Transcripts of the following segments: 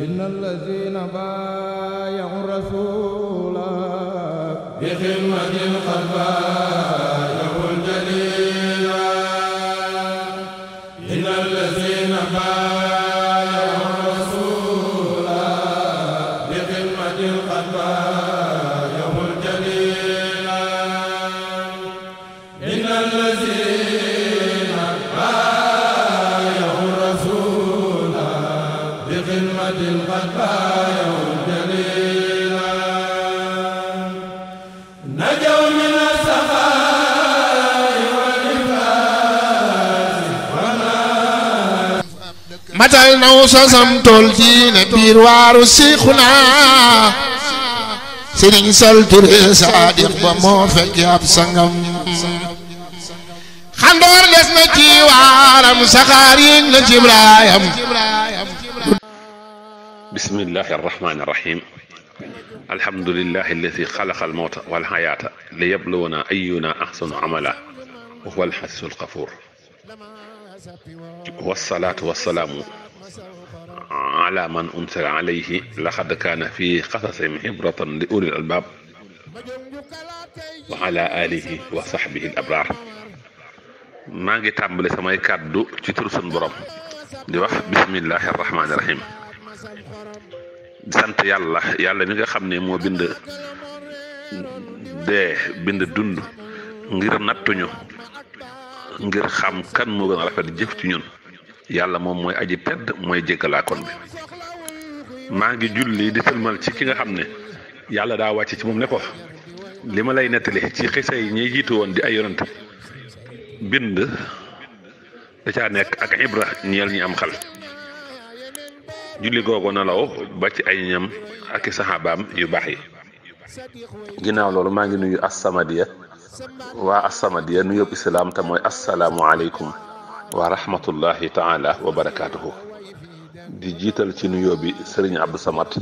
إن الذين بايعوا الرسول بخدمة الخلفاء yal naw sosam tool ci ne biir waaru Seexuna Sëriñ Sall Touré Saadiq ba moo fekk ab sangam xandoor des na ci waaram saxaar yéeg na ci Ibrahim bismillahi arrahmani arrahim alhamdulillahi alladi xalaqa almawta walxayaata li yabluwana ayuna ahsanu amala wa huwa alxasis alxafuur wasalaatu wasalaamu ala man unsira alayhi laqad kaana fi qasasihim ibratan li albaab wa ala alihi wa sahbihi abraar maa ngi tàmbali samay kàddu ci tur sun borom di wax bismillahi arrahmani rahim di sant yàlla yàlla mi nga xam ne moo bind dee bind dund ngir nattuñu ngir xam kan moo gën a rafet jëf ci ñun yàlla moom mooy aji tedd mooy jéggalaakoon bi maa ngi julli di sëlmal ci ki nga xam ne yàlla daa wàcc ci moom ne ko li ma lay nettali ci xisa yi ñuy jiitu woon di ay yonent bind da caa nekk ak ibra ñeel ñi am xal julli googu nelaw ba ci ay ñam ak i saxaabaam yu baax yi ginnaaw loolu maa ngi nuyu assamadiya waa assamadiya nu yóbbu islaam te mooy asalaamualeykum wa rahmatullahi taala di jiital ci nuyoo bi sëriñ Abdou Samad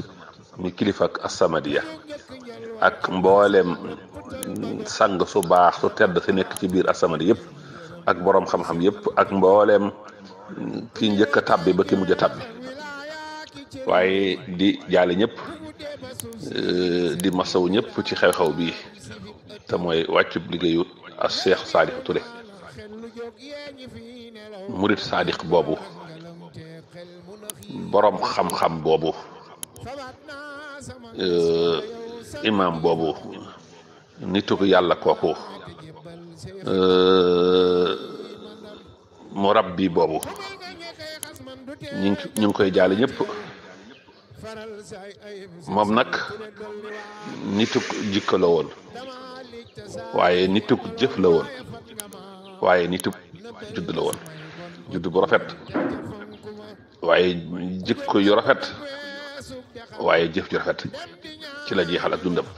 mi kilifa ak Assamadiya ak mboolem sang su baax su tedd si nekk ci biir Assamadi yëpp ak boroom xam-xam yëpp ak mboolem ki njëkk a tàbbi ba ki mujj tàbbi waaye di jaale ñépp eh, di masawu ñëpp ci xew-xew bii te mooy wàccu liggéeyu ak Cheikh Salihou murit saadiq boobu boroom xam-xam boobu euh, imaam boobu nitu yàlla kooku euh, murabbi boobu ñu ngi ñu ngi koy jaale ñëpp moom nag nituk jikko la woon waaye nituk jëf la woon waaye nituk judd la woon judd bu rafet waaye jikko yu rafet waaye jëf ju rafet ci la jeexal ak dundam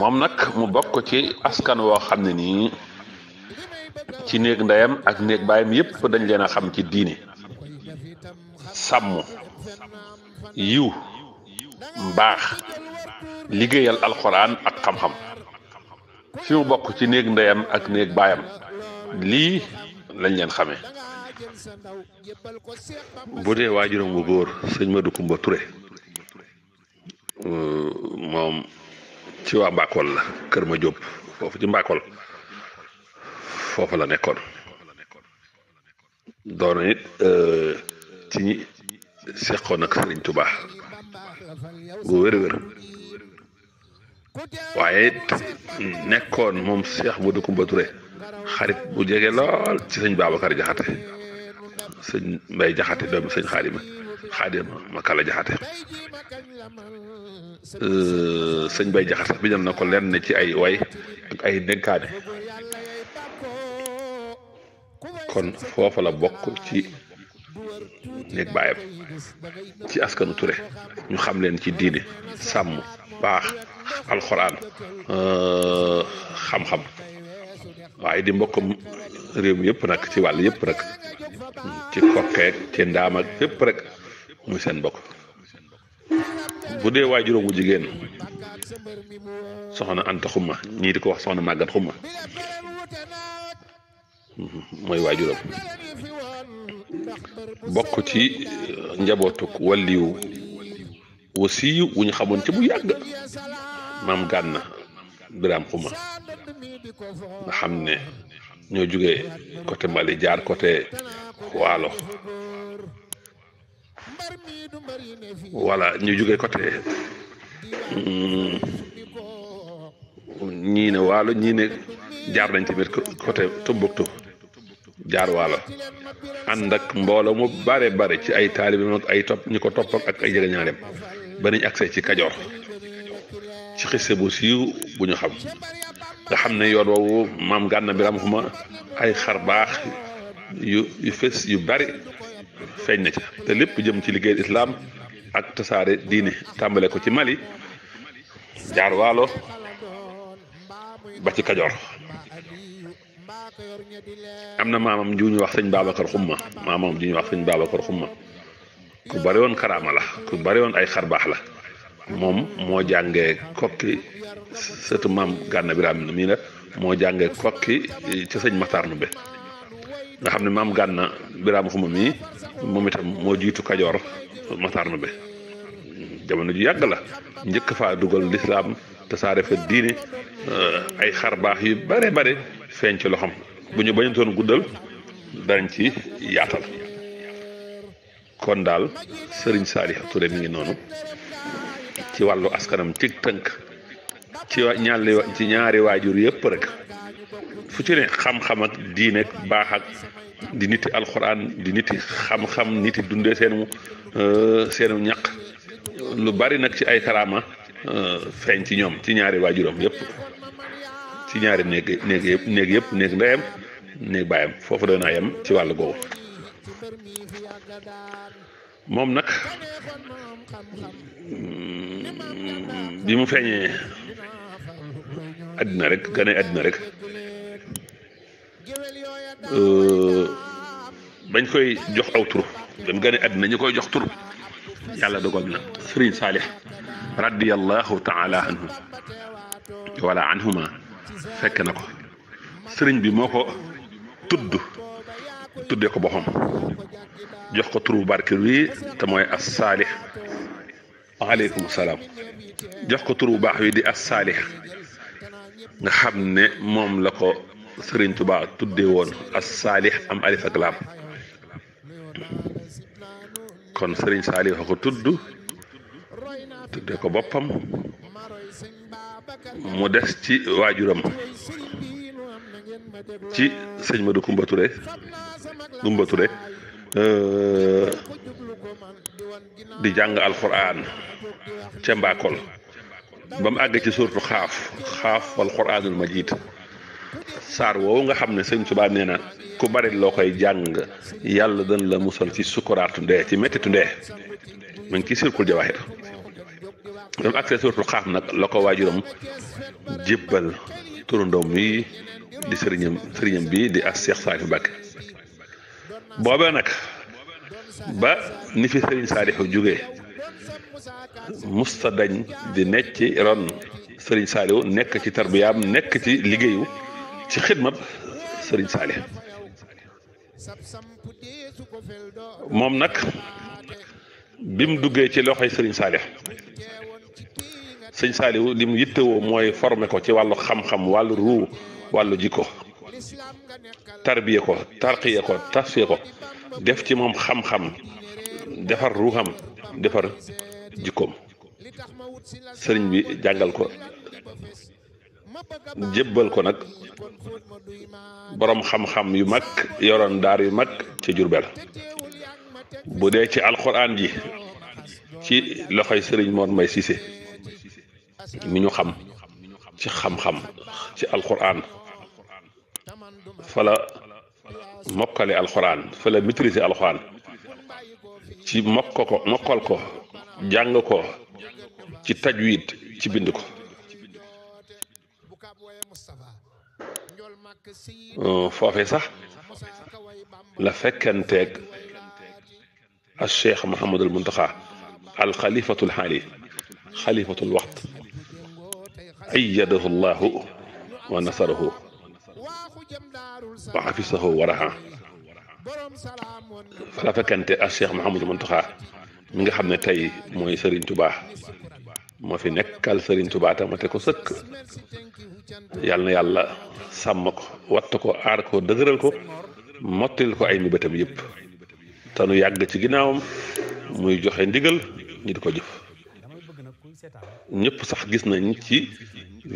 moom nag mu bokk ci askan woo xam ne nii ci néeg ndeyam ak néeg baayam yépp dañ leen a xam ci diine sàmm yiw mbaax liggéeyal alxuraan ak xam-xam fi mu bokk ci néeg ndeyam ak néeg baayam lii lañ leen xamee bu dee waajuram bu góor sëñ Madou Kumba Touré euh, moom ci waa Mbakol la Kër Ma Diop foofu ci Mbakol foofu la nekkoon doon na it euh, ci ñi seqoon ak Sëriñ Tuubaa bu wér-wér waaye nekkoon moom Seex Madou Kumba Touré. xarit bu jege lool ci sëñ Babacar Jaxate sëñ Mbay Jaxate doomi sëñ Xaadima Xaadima ma kala Jaxate euh, sëñ Mbay Jaxate sax na ko lenn ci ay way ak ay dénkaane kon foofa bokk ci néeg baayam ci askanu Touré ñu xam leen ci diine sàmm baax alxuraan euh, xam-xam waaye di mbokkam réew mi yëpp nag ci wàll yëpp rek ci kokkeek ci ndaam yëpp rek muy seen bokk bu dee waay juróom bu jigéen soxna Anta Xuma ñii di ko wax soxna Màggat Xuma mooy waay juróom ci euh, njabootuk walliw wasiyu wu ñu xamoon ci bu yàgg maam gànna biraam xuma nga xam ne ñoo jógee côté Mali jaar côté waalo voilà ñu jógee côté hmm, ñii ne waalo ñii ne jaar nañ tamit côté Tombouctou jaar waalo ànd ak mbooloo mu bare bare ci ay taalibe ak ay topp ñu ko topp ak ay jegeñaaleem ba niñ accès ci Kajoor ci xiste bu siiw bu ñu xam nga xam ne yoon woowu maam Gànna Biram xuma ay xar baax yu yu yu bari feeñ na ca te lépp jëm ci liggéey islaam ak tasaare diine tàmbale ko ci Mali jaar waalo ba ci Kajoor am na maamam ju ñu wax sëñ Babacar Xumma maamam ju ñu ku bari woon karaama la ku bari woon ay xar baax la moom moo jàngee kokki sëtu maam Gànna Birame mii nag moo jàngee kokki ci sëñ Maxtaar Ndumbe nga xam ne maam Gànna Birame xuma mii moom itam moo jiitu Kajoor Maxtaar Ndumbe jamono ju yàgg la njëkk faa dugal lislaam te saare fa diine euh, ay xar baax yu bare bare feeñ ci loxam bu ñu bañutoon guddal darañ ci yaatal kon daal Serigne Saliou Touré mi ngi noonu ci wàllu askanam ci tënk ci ñaari ñaari waajur yëpp rek fu ci ne xam-xam ak diine ak baax di niti alxuraan di niti xam-xam niti dundee euh, seenu ñaq lu bari nag ci ay karaama euh, feeñ ci ñoom ci ñaari waajuram yëpp ci ñaari néeg néeg yëpp néeg yëpp néeg ndeyam néeg baayam foofu doon naa yem ci wàllu googu moom nag mm, bi mu feeñee àddina rek gane àddina rek euh, bañ koy jox aw tur ñu koy jox tur yàlla dogal na sëriñ Saalix radiyallahu taala wala anhuma fekk na ko sëriñ bi moo ko tudd tuddee ko boppam jox ko turu barkeel wi mooy as saalix waaleykum salaam jox ko turu baax wi di as saalix nga xam ne moom la ko sëriñ Touba tudde woon as saalix am alif ak laam kon Serigne Saalix a tudd tuddee ko boppam mu des ci waajuram ci sëñ du Kumba Touré Kumba Touré Euh, di jàng alquran ca mbaakol ba mu àgg ci surtu xaaf xaaf wal quranul majid saar woowu nga xam ne sëñ Tuubaa nee na ku bari loo koy jàng yàlla dana la musal ci sukuraatu ndee ci mettitu ndee mu ngi ci sirkul jawaahir ba mu àgg surtu xaaf nag la ko waajuram jébbal turandoom yi di sëriñam sëriñam bi di as Seex Saaliu Mbàkke booba nag ba ni fi sëriñ Saalihu jóge musta dañ di nekk ci ron sëriñ Saalihu nekk ci tarbiyaam nekk ci liggéeyu ci xidmab sëriñ Saalihu moom nag bi mu duggee ci loxoy sëriñ Saalihu sëriñ Saalihu li mu mooy forme ko ci wàllu xam-xam wàllu ruu wàllu jikko tarbiye ko tarqiye ko tasfiye ko def ci moom xam-xam defar ruuxam defar jikkoom sëriñ bi jàngal ko jébbal ko nag boroom xam-xam yu mag yoroon daar yu mag ci Jurbel bu dee ci alxuraan ji ci loxoy sëriñ Mor Mbay Cissé mi ñu xam ci xam-xam ci alxuraan fa la mokkale alxuraan fa la maîtriser alxuraan ci mokk ko mokkal ko ci tajwid ci bind ko euh, foofe sax la fekkanteeg al cheikh Mouhamadul Muntaxa al xalifatul xaali xalifatul waxt ayyadahu wa nasarahu wa xafisahu wa raxa fa mu fekkante ak mi nga xam ne tey mooy sëriñ Touba moo fi nekkal Serigne Touba te mate ko sëkk yal na yàlla sàmm ko watt ko aar ko dëgëral ko mottil ko ay mébétam yépp te nu yàgg ci ginnaawam muy joxe ndigal ñi di ko jëf ñépp sax gis nañ ci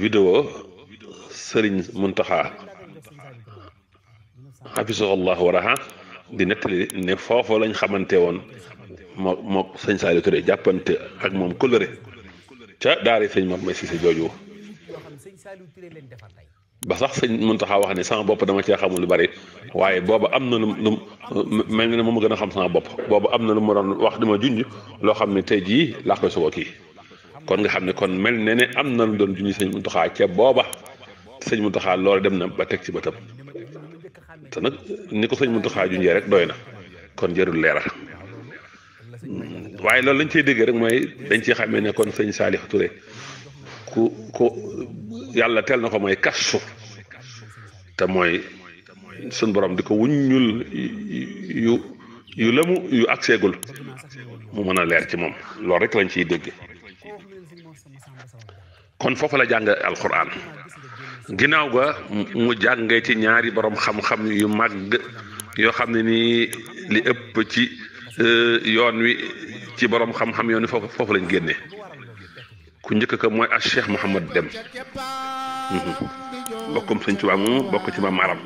vidéo Serigne Mountakha. war a waraha di nettali ne foofu lañ xamante woon moo moo sëñ Saliou Touré jàppante ak moom kóllëre ca daara sëñ Mor Mbaye Cissé jooju ba sax sëñ Muntaxa wax ne sama bopp dama cee xamul lu bari waaye booba am na lu lu mel ne moom gën a xam sama bopp booba am na lu ma doon wax dama junj loo xam ne tey jii laa koy soog kii kon nga xam ne kon mel ne ne am na lu doon junj sëñ Muntaxa ca booba sëñ Muntaxa loolu dem na ba teg ci bëtam. te nag ni ko sëñ Muntaxa junjee rek doy na kon jarul leeral waaye loolu lañ ciy déggee rek mooy dañ ciy xamee ne kon sëñ Saliou Touré ku ku yàlla teel na ko mooy kassu te mooy suñ borom di ko wuññul yu yu lëmu yu agseegul mu mën a leer ci moom loolu rek lañ ciy dégg kon foofu la jàng alquran ginnaaw ga mu jàngee ci ñaari borom xam-xam yu màgg yoo xam ne nii li ëpp ci euh, yoon wi ci boroom xam-xam yoon wi foofu lañ génne ku njëkk ka mooy a Cheikh Mouhamad Dem mm-hmm. bokkum sëñ Tuubaa mu bokk ci maam Arab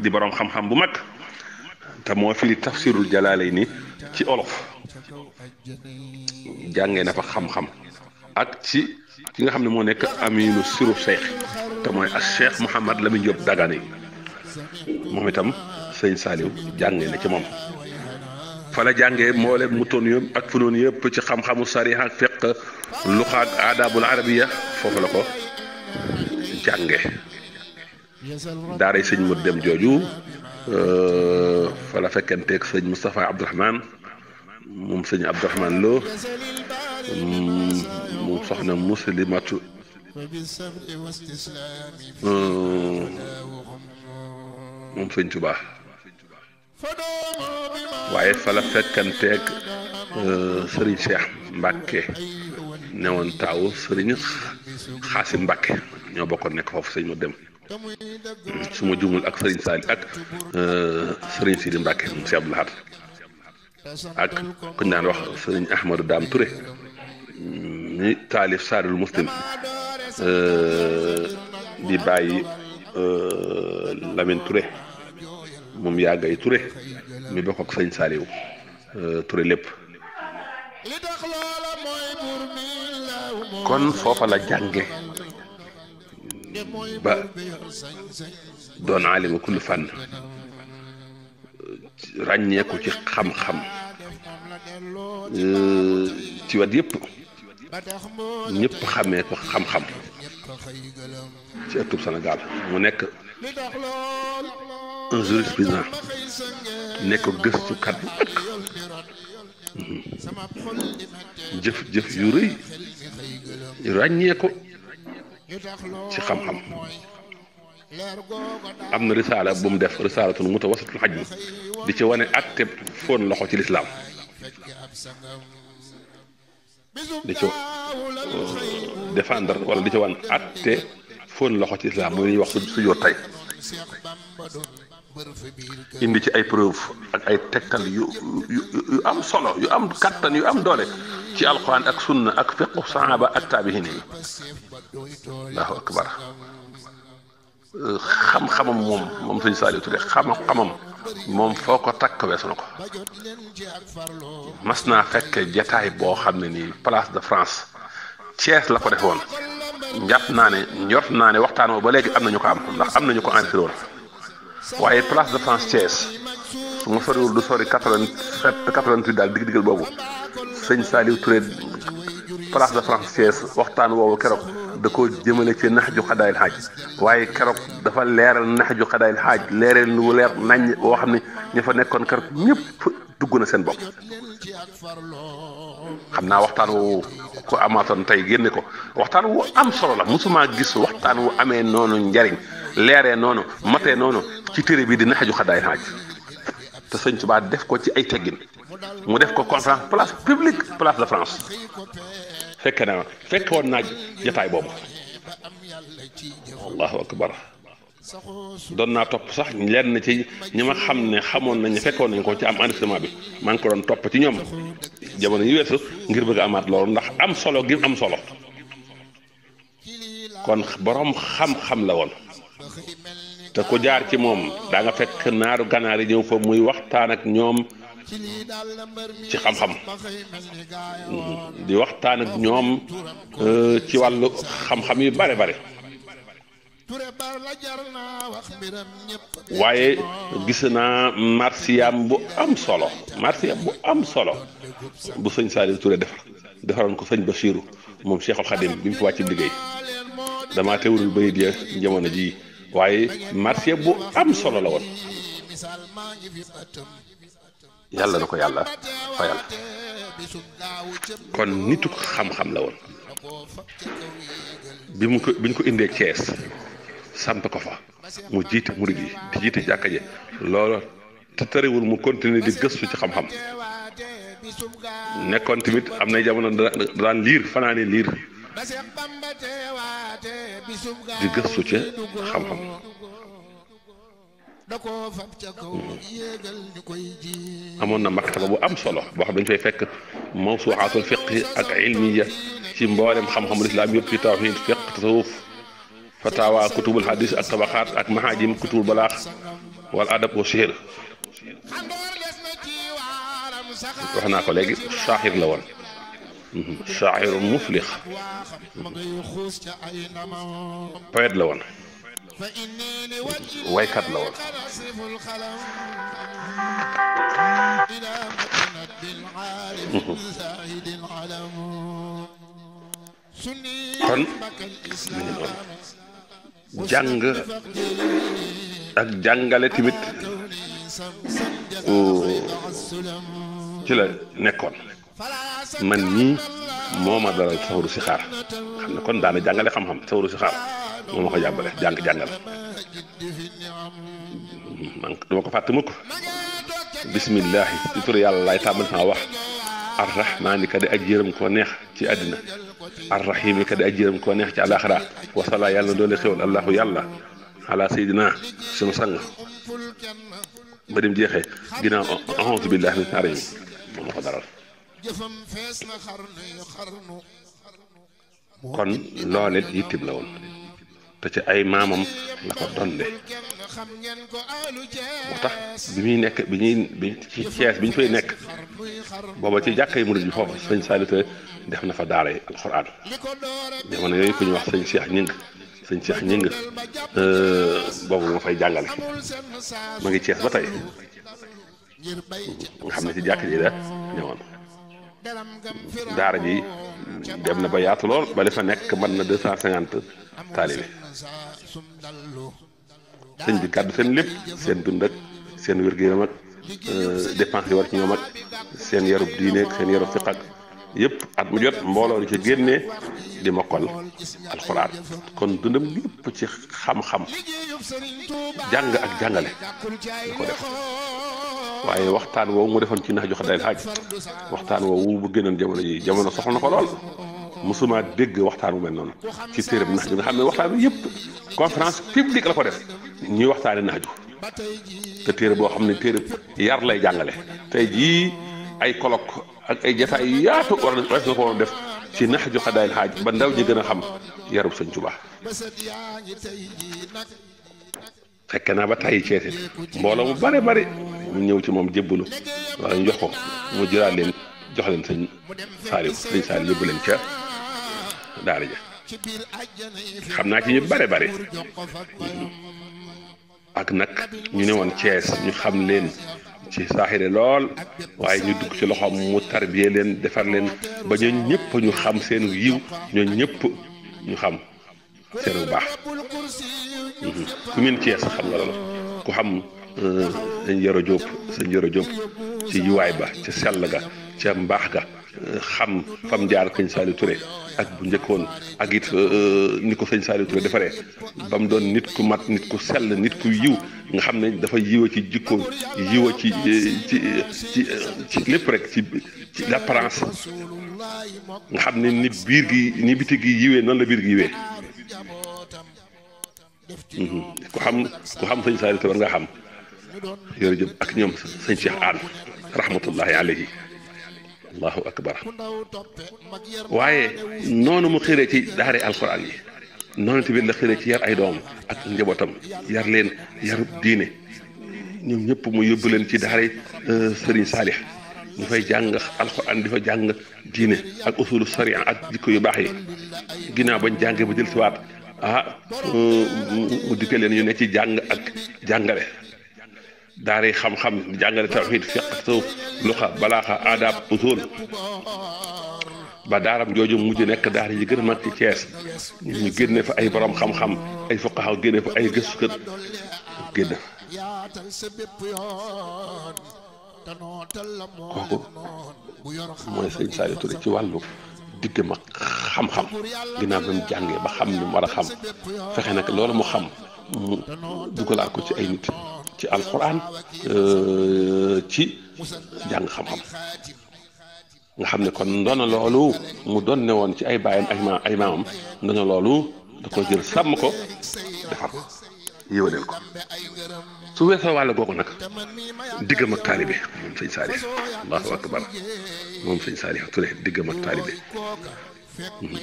di boroom xam-xam bu mag te moo fi li tafsirul Jalaalayni ci olof jàngee na fa xam-xam ak ci. ki nga xam ne moo nekk aminu siru cheikh te mooy ak cheikh Mouhamad Lamine Diop Dagana moom itam sëñ Saliou jàngee na ci moom fa la jàngee mboolem mutoon yëpp ak funoon yëpp ci xam-xamu sariya ak fiqh luxa ak aadaabul arabiya foofu la ko jànge daaray sëñ mu dem jooju fa la fekkenteeg sëñ Moustapha Abdourahmane moom sëñ Abdourahmane Lo moom soxna muslimatu moom sëñ Tuubaa waaye fa la fekkanteeg euh, sëriñ Cheikh Mbacke newoon taawu sëriñ Xaasim Mbacke ñoo bokkoon nekk foofu sëñ ma su ma jumul ak sëriñ Saali ak euh, sëriñ Sidi Mbacke moom si Abdou ak ku ñu daan sëriñ Ahmadou Dame Touré. ñi taalif saadul muslim euh, di bàyyi euh, Lamine Touré moom yàggay Touré mi bokk ak sëñ Saliou euh, Touré lépp kon foofa la jànge ba doon alima kulli fànn ràññeeku ci xam-xam ci wet yëpp ñëpp xamee ko xam-xam ci ëttub Sénégal mu nekk un jurisprudent nekk gëstukat bu mag mhm. jëf jëf yu rëy ràññee ko ci xam-xam am na risaala bu mu def risaalatul mutawassatul hajm di ci wane ak te foon loxo ci lislaam di ci défendre wala di ci wan atte loxo ci islam muy ñuy wax su joor tey indi ci ay preuve ak ay tegtal yu yu am solo yu am kattan yu am doole ci alquran ak sunna ak fiqu saaba ak taabihin yi allahu akbar xam-xamam moom moom sëñ Saliou Touré xam-xamam moom foo ko takk weesu na ko mas naa fekk jataay boo xam ne nii place de France Thiès la ko defoon woon njàpp naa ne njort naa ne waxtaan woo ba léegi am nañu ko am ndax am nañu ko enregistré woon waaye place de France Thiès su ma soriwul du sori quatre vingt quatre vingt daal digg diggal boobu sëñ Saliou Touré place de France waxtaan woowu keroog da koo jëmale ci nax ju xadaayil xaaj waaye keroog dafa leeral nax ju xadaayil xaaj leeral lu leer nañ woo xam ne ña fa nekkoon keroog ñëpp dugg na seen bopp. xam naa waxtaan wu ko amaatoon tey génne ko waxtaan wu am solo la mosuma gis waxtaan wu amee noonu njariñ leeree noonu matee noonu ci téere bi di nax ju xadaayil xaaj te sëñ Tuubaa def ko ci ay teggin mu def ko conférence place publique place de fekke naa fekke woon naa jataay boobu allahu akbar doon naa topp sax lenn ci ñi ma xam ne xamoon nañ fekkoon nañu ko ci am enregistrement bi maa ngi ko doon topp ci ñoom jamono yi weesu ngir bëgg amaat loolu ndax am solo gi am solo kon boroom xam-xam la woon te ku jaar ci moom daa fekk naaru ganaar yi ñëw fa muy waxtaan ak ñoom ci xam-xam di waxtaan ak ñoom euh, ci wàllu xam-xam yu bare bare waaye gis naa marsiyaam bu am solo marsiyaam bu am solo bu sëñ Saliou Touré defar defaroon ko sëñ Bachirou moom Cheikhul Khadim bi mu fi wàccib liggéey damaa ba bayit ya jamono ji waaye marsiya bu am solo la woon yàlla na ko yàlla fayal kon nitu xam-xam la woon bi mu ko bi ñu ko indee Cees samp ko fa mu jiite murid yi di jiite jàkka je loolu te terewul mu continuer di gëstu ci xam-xam nekkoon tamit am na jamono daan liir fanaane liir di gëstu ci xam-xam amoon na maktaba bu am solo boo xam dañu fay fekk mawsuuxaatul fiq ak ilmiya ci mboolem xam-xamul islaam yëpp ci tawxiid fiq tasawuf fatawa kutubul hadis ak tabaxaat ak mahajim kutubul balaax wal adab wa sihr wax naa ko léegi shaaxir la woon mhm, shaaxirun muflix mhm. poète la woon waykat la woon kon jàng ak jàngale tamit uh, ci la nekkoon man ñii moo ma dalal sawru si xaar xam ne kon daana jàngale xam-xam sawru si xaar moom wax jàmbale jàng jàngal man dama ko fàtte mukk bismillahi ci tur yàlla laay tàmbali sama wax arrahmaani ka di aj yërëm koo neex ci àddina arrahimi ka di aj yërëm koo neex ci àlaxira wasala yàlla doole xewal allahu yàlla ala sayidina sunu sang ba dem jeexee ginnaaw auzu billahi min arim moom la ko daral kon loolee yittim la woon te ci ay maamam la ko donde moo tax bi muy nekk bi ñuy bi ci Cees bi ñu fay nekk booba ci jàkkay murid bi foofu sëñ Saliou Touré def na fa daaray alxuraan jamono yooyu ku ñuy wax sëñ Cheikh Ñing sëñ Cheikh Ñing euh, boobu ma fay jàngale ma ngi Cees ba tey nga xam ne ci jàkk ji la ñëwoon daara ji dem na ba yaatu lool ba li nekk man na deux cent cinquante taalibe sëñ bi kàddu seen lépp seen dund seen wér-gu-yaram euh, yi war ci ñoom seen yarub diine seen yarub fiq ak yëpp at mu jot mbooloo di ci génnee di mokkal alxuraan kon dundam lépp ci xam-xam jàng ak jàngale la ko def waaye waxtaan woowu mu defoon ci nax ju xadaayil xaaj waxtaan woowu bu gënoon jamono yi jamono soxla na ko lool mosuma dégg waxtaan bu mel noonu ci téeréb nax ju nga xam ne waxtaan bi yëpp conférence publique la ko def ñuy waxtaane nax te téere boo xam ne téere yar lay jàngale tey jii ay colloque ak ay jataay yu yaatu war na ko woon def ci nax ju xaaj ba ndaw ñi gën a xam yarub sëñ Tuubaa fekk naa ba tàyyi ceese mbooloo mu bare bare ñu ñëw ci moom jébbalu waaye ñu jox ko mu jëlaat leen jox leen sëñ Saaliw sëñ Saaliw yóbbu leen ca daara ja xam naa ci ñu bare bare ak nag ñu ne woon Cees ñu xam leen ci saaxire lool waaye ñu dugg ci loxoom mu tarbiye leen defar leen ba ñoo ñëpp ñu xam seen yiw ñooñ ñëpp ñu xam seer bu baax ku min Thiès xam nga loolu ku xam euh, sëñ Yoro Diop sëñ Yoro Diop ci yuwaay ba ca sell ga ca mbaax ga euh, xam fam jaar sëñ Saliou Touré ak bu njëkkoon ak it euh, ni ko sëñ Saliou Touré defaree ba doon nit ku mat nit ku sell nit ku yiw nga xam ne dafa yiwa ci jikko yiwa ci ci ci ci lépp rek ci ci l'apparence nga xam ne ni biir gi ni biti gi yiwee noonu la biir gi yiwee Mhm. ku xam ku xam sëñ Saliou war nga xam jërëjëf ak ñoom sëñ Cheikh Anne rahmatullahi alayhi allahu akbar waaye noonu mu xire ci daare alquran yi noonu tamit la xiree ci yar ay doom ak njabootam yar leen yar diine ñoom ñëpp mu yóbbu leen ci daare euh, Serigne Saliou ñu fay jàng alxuraan di fa jàng diine ak usulu sariya ak dikk yu baax yi ginnaaw bañ jàngee ba jël si waat ah mu dikkee leen ñu ne ci jàng ak jàngale daara yi xam-xam jàngale tawxiid fiq tasawuf luxa balaaxa aadaab usul ba daaram jooju mujj nekk daara yi gën a mag ci Thiès ñu génne fa ay borom xam-xam ay fuqaha génne fa ay gëstukat génn kooku mooy sëñ Saliou Touré ci wàllu digg ma xam-xam ginnaaw bi mu jàngee ba xam ni war a xam fexe nag loolu mu xam mu dugalaat ci ay nit ci alxuraan euh, ci jàng xam-xam nga xam ne kon ndono loolu mu doon ne woon ci ay baayam ay maamam ndono loolu da ko jël sàmm ko defar ko yéwénal ko su weesoo wàll googu nag diggam ak taalibe moom sëñ Saalix allahu akbar moom sëñ Saalix Ture diggam ak taalibe hmm.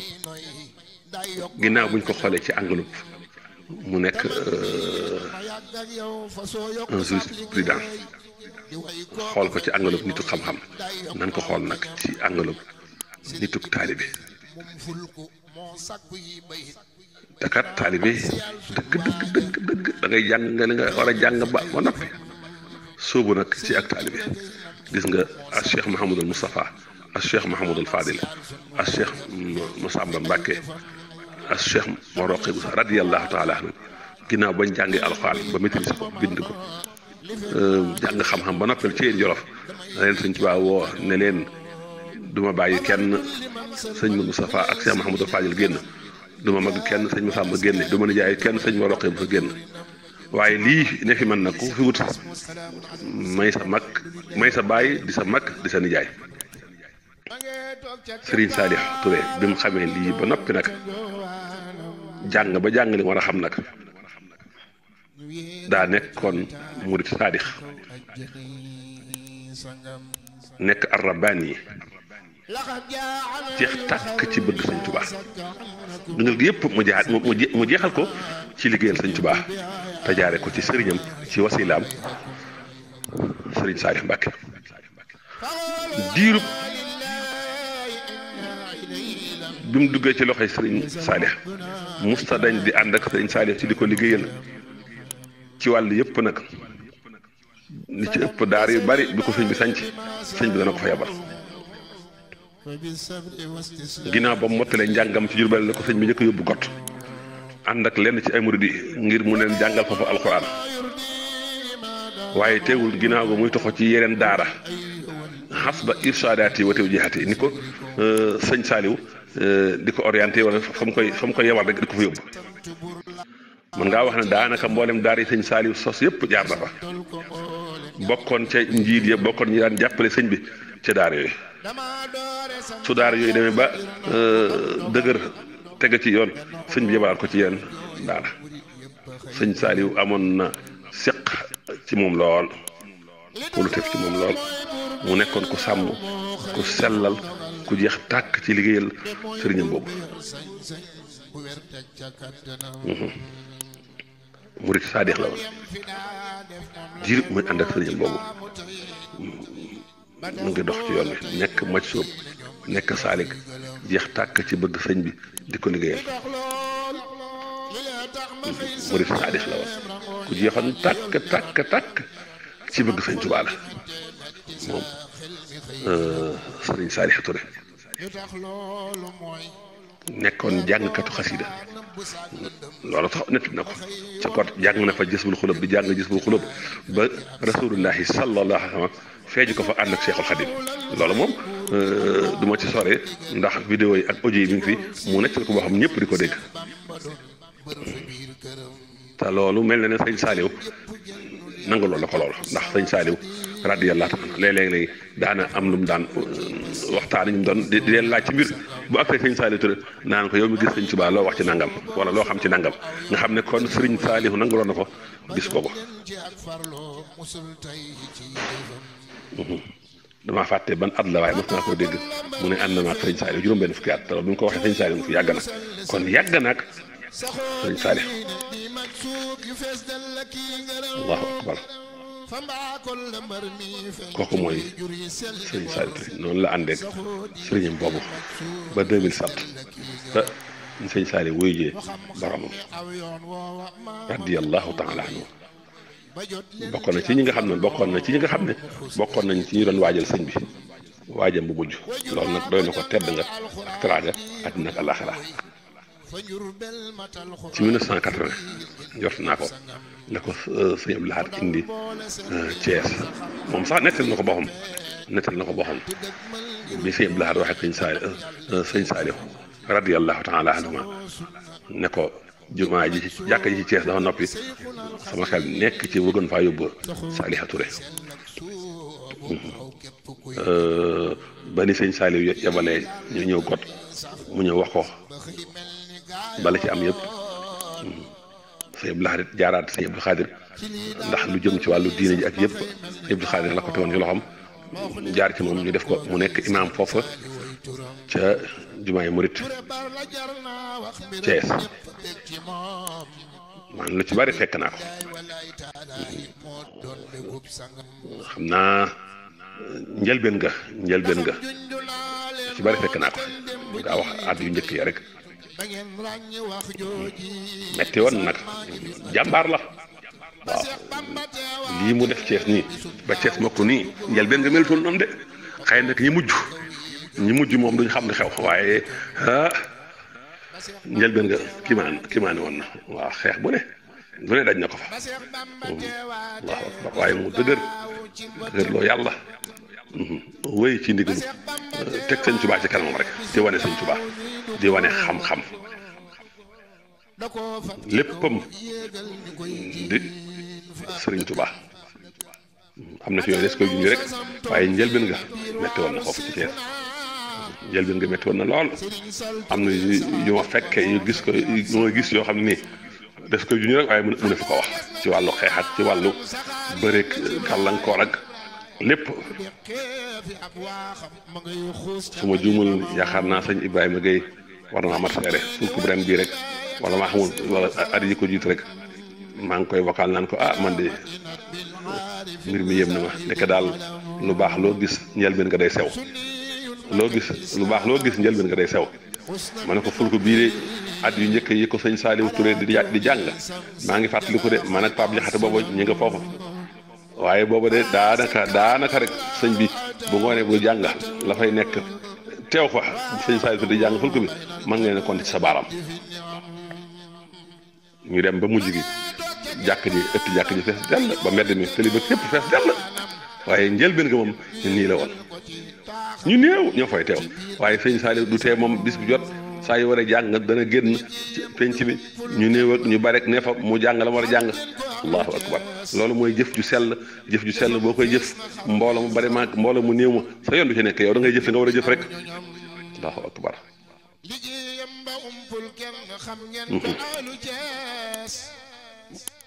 ginnaaw buñ ko xoolee ci anglub mu nekk euh, un jurisprudent xool ko ci anglub nitu xam-xam nan ko xool nag ci anglub nitu taalibe takat taalibe dëgg dëgg dëgg ngay jàng nga li nga war a jàng ba ba noppi sóobu nag ci ak taalibe gis nga ak cheikh Mahamadul Moustapha ak cheikh Mahamadul Fadil ak cheikh Massamba Mbacke ak cheikh Moroqi Moussa radiyallahu taala anhu bañ jàngee alxuraan ba maîtrise ko bind ko euh, jàng xam-xam ba noppal ci yéen jolof na leen sëñ Tuubaa woo ne leen duma bàyyi kenn sëñ Moustapha ak cheikh Mahamadul Fadil génn duma mag kenn sëñ Massamba génne duma nijaay kenn sëñ Moroqi Moussa génn waaye lii ne fi man na ku fi wut may sa mag may sa baay di sa mag di sa nijaay Serigne Saliou Touré bi mu xamee lii ba noppi nag jàng ba jàng li war a xam nag daa nekkoon murit saadix nekk arrabaan yi jeex tàkk ci bëgg sëñ Tuubaa dundal gi yëpp mu jeexal mu jeexal ko ci liggéeyal sëñ Tuubaa te jaare ko ci sëriñam ci wasilaam sëriñ Saalix Mbàkke diirub bi mu duggee ci loxoy sëriñ Saalix musta dañ di ànd ak sëriñ Saalix ci di ko liggéeyal ci wàll yëpp nag li ci ëpp daar yu bari bi ko sëñ bi sanc sëñ bi dana ko fa yabal ginnaaw ba mottalee njàngam ci Jurbel la ko sëñ bi njëkk yóbbu got ànd ak lenn ci ay murid ngir mu leen jàngal foofu alxuraan waaye teewul ginnaaw ba muy toxo ci yeneen daara xas ba irsaadaati wa tawjihaati ni ko euh, sëñ Saaliw euh, di ko orienté wala fa mu koy fa mu koy yemal rek ko fa yóbbu mën nga wax ne daanaka mboolem daara yi sëñ Saaliw sos yëpp jaar na fa bokkoon ca njiit ya bokkoon ñi daan jàppale sëñ bi ca daara yooyu su daar yooyu demee ba euh, dëgër. tege ci yoon sëñ bi yebalaat ko ci yéen daara sëñ Saliou amoon na seq ci moom lool wala tef ci moom lool mu nekkoon ku sàmm ku sellal ku jeex tàkk ci liggéeyal sëriñam boobu murit saadix la woon muy ànd ak boobu mu ngi dox ci yoon nekk maj sóob nekk saalik jeex tàkk ci bëgg sëñ bi di ko liggéeyal murid saadix la woon ku jeexoon tàkk tàkk ci bëgg sëñ Tuubaa la moom euh, sëriñ Saadix Ture nekkoon jàngkatu xasida loolu tax nett na ko ca kot jàng na fa jës bul xulub di jàng jës bul xulub ba rasulullahi sallallahu alayhi wa sallam feeñu ko fa ànd ak Cheikhul Khadim loolu moom euh, du ma ci sore ndax vidéo yi ak audio yi fi mu nekk ko boo xam ñëpp di ko dégg te loolu mel na ne sëñ Saliou nangu loolu la ko lool ndax sëñ Saliou radiyallahu taala léeg-léeg lay daana am lu mu daan euh, waxtaan ñu doon di leen laaj ci mbir bu ak sëñ Saliou Touré naan ko yow mi gis sëñ Tuubaa loo wax ci nangam wala loo xam ci nangam nga xam ne kon sëriñ Saliou nangaloon na ko gis ko ko mhm. damaa fàtte ban at la waaye mos naa ko dégg mu ne ànd na ma ak sëñ Saliou juróom-benn fukki at bi mu ko waxee sëñ mu fi yàgg na kon yàgg na ak sëñ allahu akbar kooku mooy sëriñ Saliou Touré noonu la àndeek sëriñam boobu ba 2007 ba sëriñ Saliou wuyu jee boromam radiyallahu taala anhu bokkoon na ci ñi nga xam ne bokkoon na ci ñi nga xam ne bokkoon nañ ci ñu doon waajal sëñ bi waajam bu mujj loolu nag doy na ko tedd nga ak teraanga àddina ak àllaaxira ci 1980 jot naa ko. la ko euh, sëñ Abdou Lahad indi euh, Thiès moom sax nettal na ko boppam nettal na ko boppam bi sëñ Abdou Lahad waxee sëñ Saali euh, sëñ Saali radiyallahu ne ko jumaa ji ci jàkka ji ci Thiès dafa noppi sama xel nekk ci bëggoon faa yóbbu Saaliha Touré ba ni sëñ Saali yabalee ñu ñëw got mu ñëw wax ko bala ci am yëpp sëñ Abdou Lahad jaaraat sëñ Abdou Khadir ndax lu jëm ci wàllu diine ji ak yëpp sëñ Abdou Khadir la ko teewoon ci loxoom jaar ci moom ñu def ko mu nekk imaam foofa ca jumaay murit Thiès man lu ci bari fekk naa ko xam naa njëlbeen nga njëlbeen nga lu ci bari fekk naa ko daa wax at yu njëkk ya rek. metti woon nag jàmbaar la waaw lii mu def Cees nii ba Cees mokk nii njëlbeen nga melatoon noonu de xëy nag ñi mujj ñi mujj moom duñ xam ne xew waaye ah njëlbeen nga kiimaan kiimaane woon na waaw xeex bu ne bu ne daj na ko fa waaw waaye mu dëgër dëgër loo yàlla mhm. wéy ci ndigalu teg seen Tuubaa ci kanamam rek te wane seen Tuubaa di wane xam-xam léppam di sëriñ Tuba am na fi yoon des koy junj rek waaye njëlbeen nga metti woon na foofu ci Thiès njëlbeen nga metti woon na lool am na yu ma fekkee yu gis ko yu ma gis yoo xam ni nii des koy junj rek waaye mën na fi ko wax ci wàllu xeexat ci wàllu bëreeg gàllankoor lépp su ma juumal yaakaar naa sëñ Ibrahima Gueye war naa ma tagare surtout ren bii rek wala ma xamul wala at yi ko rek maa ngi koy vocal naan ko ah man de mbir mi yëm na ma nekk daal lu baax loo gis njëlbeen nga day sew loo gis lu baax loo gis njëlbeen nga day sew ma ne ko ful ko bii at yu njëkk yi ko sëñ Saliou Touré di di jàng maa ngi ku de man ak Pape Diakhaté booba ñu nga foofu waaye booba de daanaka daanaka rek sëñ bi bu ngoonee bu jànga la fay nekk teew fa sëñ Saliou di jàng ko bi mën ngeen a compter ci sa baaraam ñu dem ba mujj gi jàkk ji ëpp jàkk ji fees dell ba mbedd mi tëli ba képp fees dell waaye njëlbeen ko moom ñu nii la woon ñu néew ñoo fay teew waaye sëñ Saliou du tee moom bis bu jot saa yu war a jàng dana génn ci bi ñu néew ñu bare ne fa mu jàng la war a jàng allahu akbar loolu mooy jëf ju sell jëf ju sell boo koy jëf mbooloo mu bari maag mbooloo mu néew ma sa ci nekk yow da ngay jëf li nga war a jëf rek allahu akbar mm-hmm.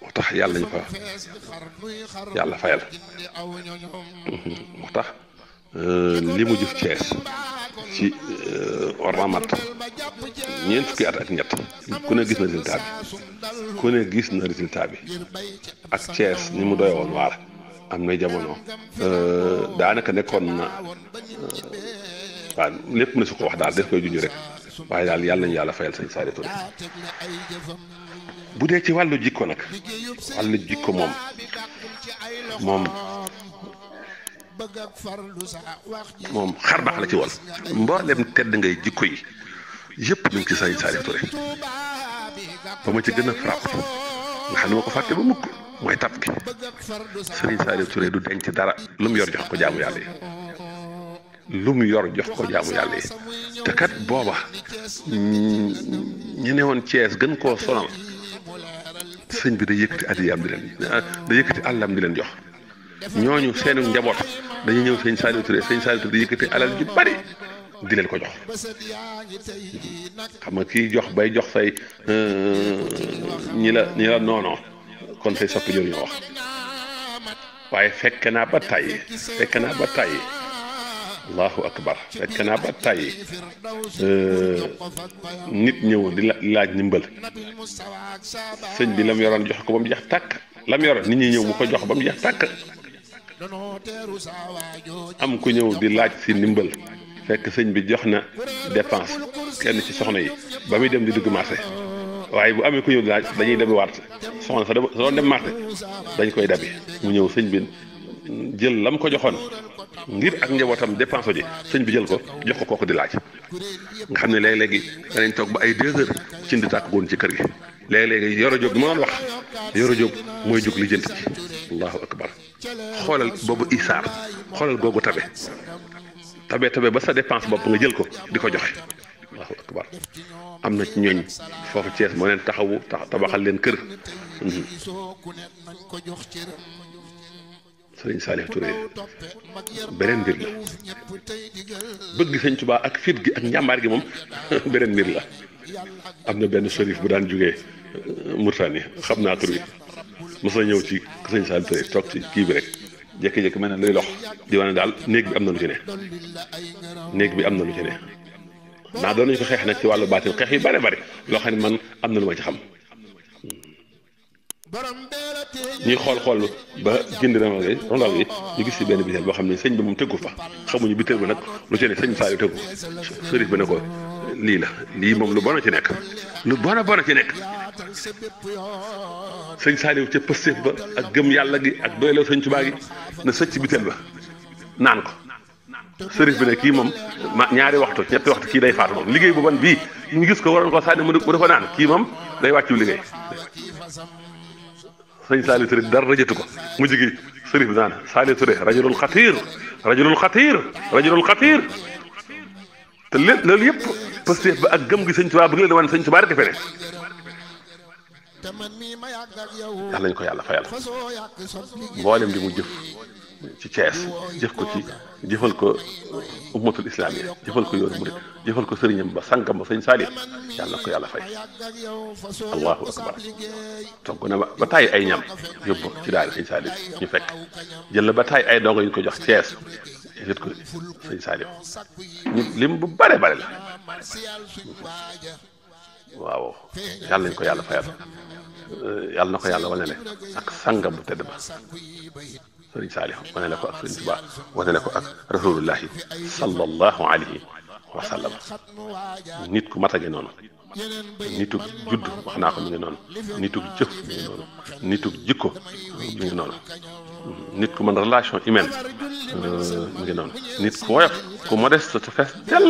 moo tax yàlla ñu fa yàlla fa mm-hmm. moo tax Euh, li mu jëf Cees ci euh, ornamat ñeent fukki at ak ñett ku ne gis na résultat bi ku ne gis na résultat bi ak Cees ni mu doy woon waar am na jamono euh, daanaka nekkoon na lépp mu ne su ko wax daal def koy junj rek waaye daal yàlla nañu yàlla fayal sëñ Saaliu Touré bu dee ci wàllu jikko nag wàllu jikko moom moom moom xar baax la ci woon mbooleem tedd ngay jikko yi yëpp mi ci Sëriñ Saliou Touré ba ma ci gën a frapp nga xam ko fàtte ba mukk mooy tap gi Sëriñ Saliou Touré du denc dara lu mu yor jox ko jaamu yàlla yi lu mu yor jox ko jaamu yàlla yi te kat booba ñu ne woon Cees gën koo sonal sëñ bi day yëkkati àddiyaam di leen ah, day yëkkati àllam di leen jox ñooñu seenu njaboot dañuy ñëw sëñ Saliou Touré sëñ Saliou Touré di yëkkati alal ju bari di ko jox xam nga kii jox bay jox say euh, ñi la ñi la noonoo kon say soppi jël ñoo wax waaye fekk naa ba tàyyi fekk naa ba tàyyi allahu akbar fekk euh, nit ñëwoon di laaj ndimbal sëñ bi la mu yoroon jox ko ba mu jeex tàkk la mu yoroon nit ñi ñëw mu ko jox ba mu jeex tàkk am ku ñëw di laaj si ndimbal fekk sëñ bi jox na dépense kenn ci soxna yi ba muy dem di dugg marché waaye bu amee ku ñëw di laaj dañuy dem waat soxna sa doon dem marché dañ koy dabi mu ñëw sëñ bi jël lam ko joxoon ngir ak njabootam dépense ji sëñ bi jël ko jox ko kooku di laaj nga xam ne léeg-léegi danañ toog ba ay deux heures ci ndi tàkk woon ci kër gi léeg-léegi yoro jóob bi ma doon wax yoro jóob mooy jóg li jënt allahu akbar xoolal boobu isaar xoolal googu tabe tabe tabe ba sa dépense bopp nga jël ko di ko joxe am na ci ñooñ foofu Cees moo leen taxawu tabaxal leen kër mhm. sëriñ Saalix Touré beneen mbir la bëgg sëñ Tuubaa ak fit gi ak njàmbaar gi moom beneen mbir la am na benn sërif bu daan jógee euh, Murtaani xam naa tur wi mos ñëw ci sëñ Saliou Touré toog ci kii bi rek jékki-jékki mel na luy lox di wane daal néeg bi am na lu ci ne néeg bi am na lu ci ne naa doon nañu ko xeex nag ci wàllu baatin xeex yi bare bare loo xam ne man am na lu ma ci xam ñuy xool xool ba génn randal randal yi ñu gis ci benn biteel boo xam ne sëñ bi moom tëggu fa xamuñu biteel bi nag lu ci ne sëñ Saliou tëggu sërif bi ne ko lii la lii moom lu bon a ci nekk lu bon a bon a ci nekk sëñ Saaliw ca pëstéef ba ak gëm yàlla gi ak doylew sëñ Tuubaa gi na sëcc bitel ba naan ko sëriñ bi ne kii moom ma ñaari waxtu ñetti waxtu kii day faatu moom liggéey bu ban bii ñu gis ko waroon ko sànni mu dafa naan kii moom day wàccu liggéey sëñ Saliou Touré dara rajatu ko mu jigi sëriñ bi naan Saliou Touré rajulul xatiir rajulul xatiir rajulul xatiir te lépp loolu yëpp Pastef ba ak gëm gi sëñ Tuubaa bëgg leen wan sëñ Tuubaa rek defe ne yàlla nañ ko yàlla fayal mboolem li mu jëf ci Thiès jëf ko ci jëfal ko ummatul islaamiya jëfal ko yoonu murid jëfal ko sëriñam ba sangam ba sañ Saalih yàlla na ko yàlla fay allahu akbar togg na ba tàyyi ay ñam yóbbu ci daal sëñ Saalih ñu fekk jël na ba tàyyi ay dongo yu ñu ko jox Thiès yëkkati ko si sëñ Saliou ñu lim bu bare bare la waaw yàlla nañ ko yàlla fayal eh, yàlla na ko yàlla wanele ak sangam bu tedd ba sëriñ Saliou wanele ko ak sëriñ Tuubaa wanele ko ak rasulullahi sallallahu alayhi wa nit ku mat a noonu nitug judd wax naa ko mu ngi noonu nitug jëf mi ngi noonu nit ku mën relation humaine euh, mi ngi noonu nit ku woyof ku modeste te fees dell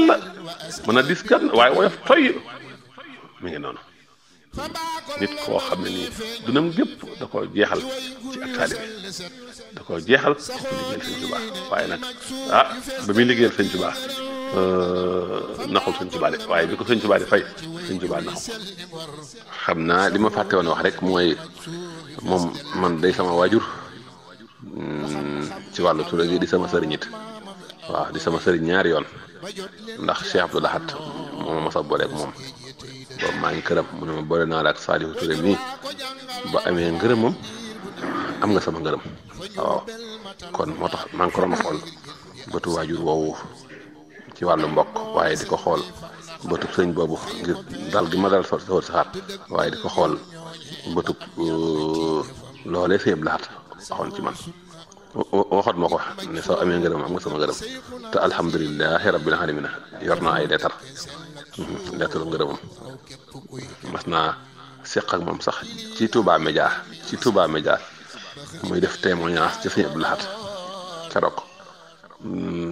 mën a dis gan waaye woyof toy mi ngi noonu nit koo xam ne nii dunam gépp da ko jeexal ci ak taalibe da ko jeexal ci waaye nag ah ba muy liggéeyal sëñ Tuubaa Euh, naxul suñ Tuubaa def waaye bi ko suñ Tuubaa def fay suñ Tuubaa naxul xam naa li ma fàtte woon wax rek mooy moom man day sama waajur mm, ci wàll tur gi di sama sëriñ waaw di sama sëriñ ñaari yoon ndax Cheikh Abdou Lahat moo ma sa booleeg moom maa ngi këram mu ne ma boole naa la ak Saliou Touré nii ba amee ngërëmam am nga sama ngërëm waaw kon moo tax maa ngi ko a xool bëtu waajur woowu ci wàllu mbokk waaye di ko xool bëtub sëñ boobu ngir dal gi ma dal so sool saxaat waaye di ko xool bëtub uh, loolee sëñ Abdou Lahad waxoon ci man waxoon ma ko ne soo amee ngërëm am nga sama ngërëm te bi alhamdulilahi rabbil alamin yor na ay leetar uh-huh, leetaru ngërëmam mas naa seq moom sax ci Touba Média ci Touba Média muy def témoignage ci sëñ Abdou Lahad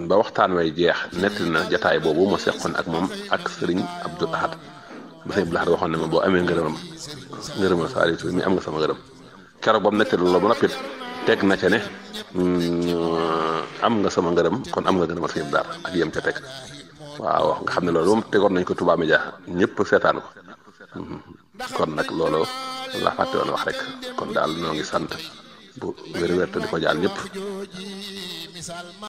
ba waxtaan way jeex netti na jataay boobu ma seqoon ak moom ak sëriñ Abdou Ahad ba sëriñ Abdou Ahad waxoon ne ma boo amee ngërëmam ngërëmal Saliou Touré mi am nga sama ngërëm keroog ba mu ba noppi teg na ca ne mm, am nga sama ngërëm kon am nga ngërëmal sëriñ Abdou Ahad ak yem ca teg waaw nga xam ne loolu moom tegoon nañ ko Touba Média ñëpp seetaan ko mm-hmm. kon nag loolu la fàtte woon wax rek kon daal ñoo ngi sant bu wér-wér te di ko jaal ñëpp.